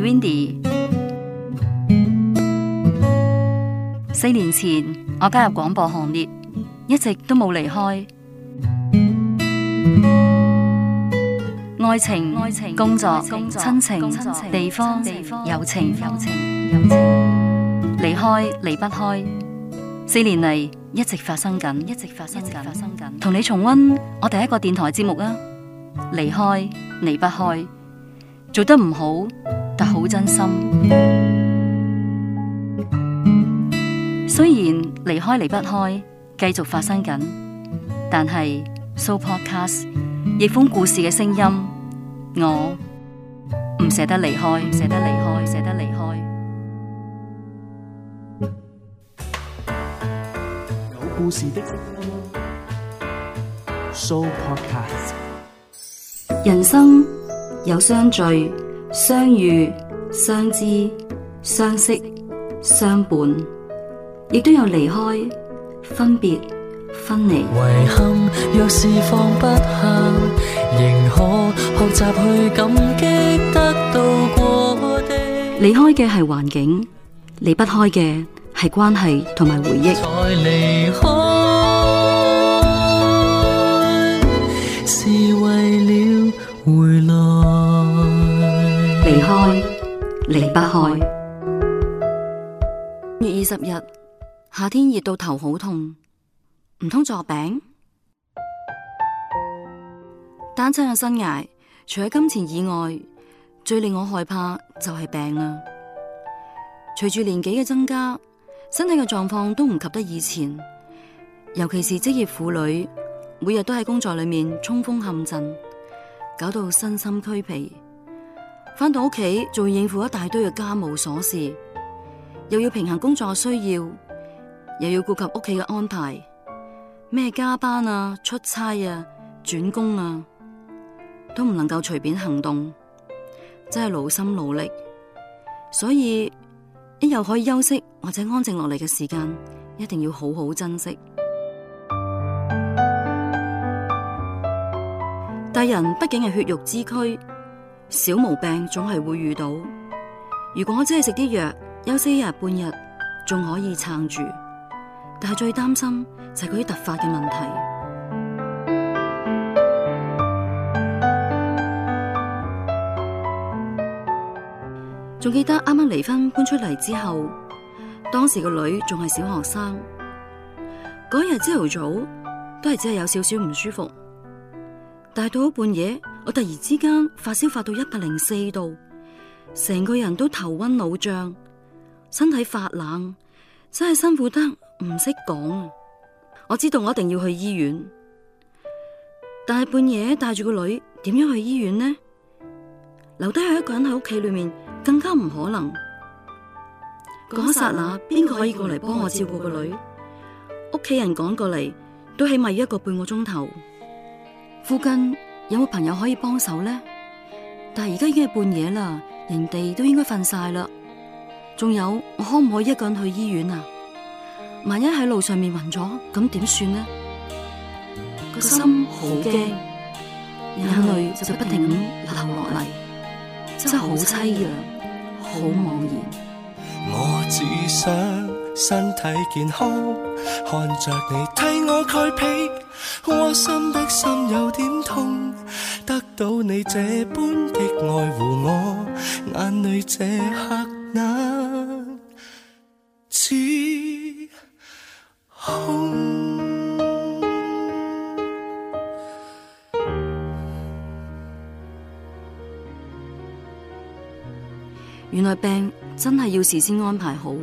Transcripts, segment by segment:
Windy，四年前我加入廣播行列，一直都冇離開。愛情、工作、親情、地方、友情，離開離不開。四年嚟，一直發生緊，一直發生緊，同你重溫我第一個電台節目啊！離開離不開，做得唔好。好真心，雖然離開離不開，繼續發生緊，但係 Show Podcast 逆風故事嘅聲音，我唔捨得離開，捨得離開，捨得離開。有故事的聲音，Show Podcast。人生有相聚，相遇。相知、相識、相伴，亦都有離開、分別、分離。遺憾，若是放不下，仍可學習去感激得到過的。離開嘅係環境，離不開嘅係關係同埋回憶。再離開，是為了回來。離開。離不開。七月二十日，夏天熱到頭好痛，唔通作病？單親嘅生涯，除咗金錢以外，最令我害怕就係病啦。隨住年紀嘅增加，身體嘅狀況都唔及得以前，尤其是職業婦女，每日都喺工作裏面衝鋒陷陣，搞到身心俱疲。返到屋企，仲要應付一大堆嘅家務瑣事，又要平衡工作嘅需要，又要顧及屋企嘅安排，咩加班啊、出差啊、轉工啊，都唔能夠隨便行動，真係勞心勞力。所以一有可以休息或者安靜落嚟嘅時間，一定要好好珍惜。大人畢竟係血肉之軀。小毛病總係會遇到，如果我只係食啲藥，休息一日半日，仲可以撐住。但係最擔心就係嗰啲突發嘅問題。仲 記得啱啱離婚搬出嚟之後，當時個女仲係小學生，嗰日朝頭早都係只係有少少唔舒服，但係到咗半夜。我突然之間發燒發到一百零四度，成個人都頭暈腦脹，身體發冷，真係辛苦得唔識講。我知道我一定要去醫院，但係半夜帶住個女點樣去醫院呢？留低佢一個人喺屋企裏面更加唔可能。一剎那，邊個可以過嚟幫我照顧個女？屋企人趕過嚟都起碼要一個半個鐘頭，附近。有冇朋友可以幫手呢？但係而家已經係半夜啦，人哋都應該瞓晒啦。仲有，我可唔可以一個人去醫院啊？萬一喺路上面暈咗，咁點算呢？個心好驚，眼淚就不停咁流落嚟，真係好淒涼，好茫然。我只想身體健康，看着你替我蓋被。我心的心有點痛，得到你這般的愛護，我眼淚這刻那只空。原來病真係要事先安排好，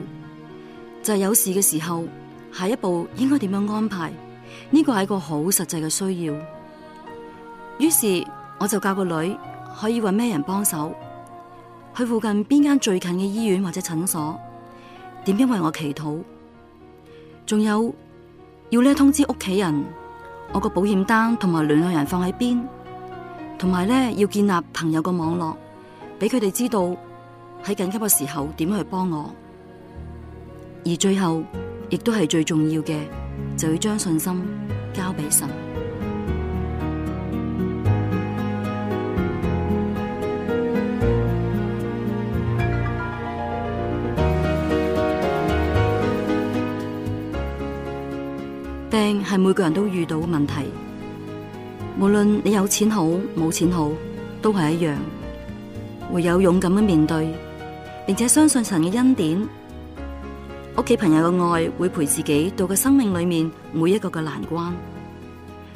就係、是、有事嘅時候，下一步應該點樣安排？呢個係一個好實際嘅需要，於是我就教個女可以搵咩人幫手，去附近邊間最近嘅醫院或者診所，點樣為我祈禱，仲有要咧通知屋企人，我個保險單同埋聯絡人放喺邊，同埋咧要建立朋友個網絡，俾佢哋知道喺緊急嘅時候點樣去幫我，而最後亦都係最重要嘅。就要將信心交俾神。病係每個人都遇到嘅問題，無論你有錢好、冇錢好，都係一樣。唯有勇敢咁面對，並且相信神嘅恩典。屋企朋友嘅愛會陪自己度過生命裏面每一個嘅難關，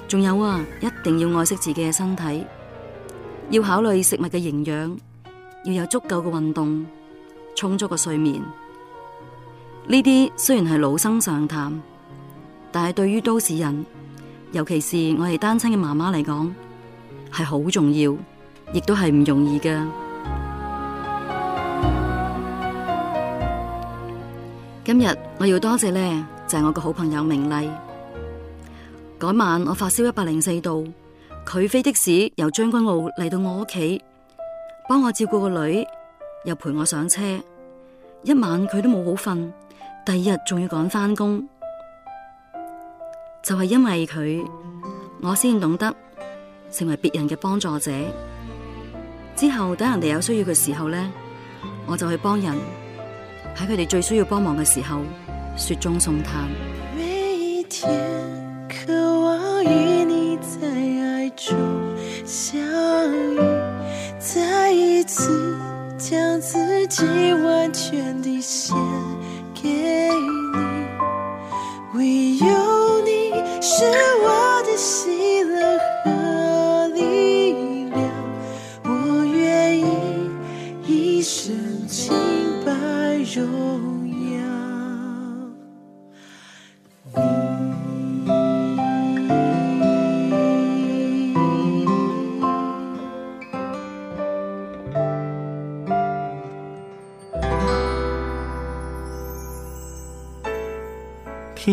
仲有啊，一定要愛惜自己嘅身體，要考慮食物嘅營養，要有足夠嘅運動，充足嘅睡眠。呢啲雖然係老生常談，但係對於都市人，尤其是我哋單親嘅媽媽嚟講，係好重要，亦都係唔容易嘅。今日我要多謝呢，就係我個好朋友明麗。嗰晚我發燒一百零四度，佢飛的士由將軍澳嚟到我屋企，幫我照顧個女，又陪我上車，一晚佢都冇好瞓。第二日仲要趕翻工，就係因為佢，我先懂得成為別人嘅幫助者。之後等人哋有需要嘅時候呢，我就去幫人。喺佢哋最需要幫忙嘅時候，雪中送炭，每一天渴望與你在愛中相遇，再一次將自己完全地獻給你，唯有你是我的心。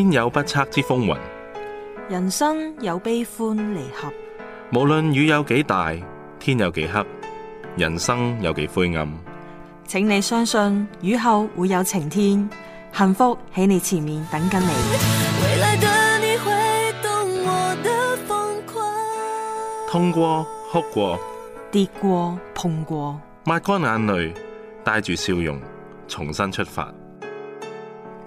天有不測之風雲，人生有悲歡離合。無論雨有幾大，天有幾黑，人生有幾灰暗，請你相信，雨後會有晴天，幸福喺你前面等緊你。未來的你會懂我的瘋狂，痛過，哭過，跌過，碰過，抹乾眼淚，帶住笑容，重新出發。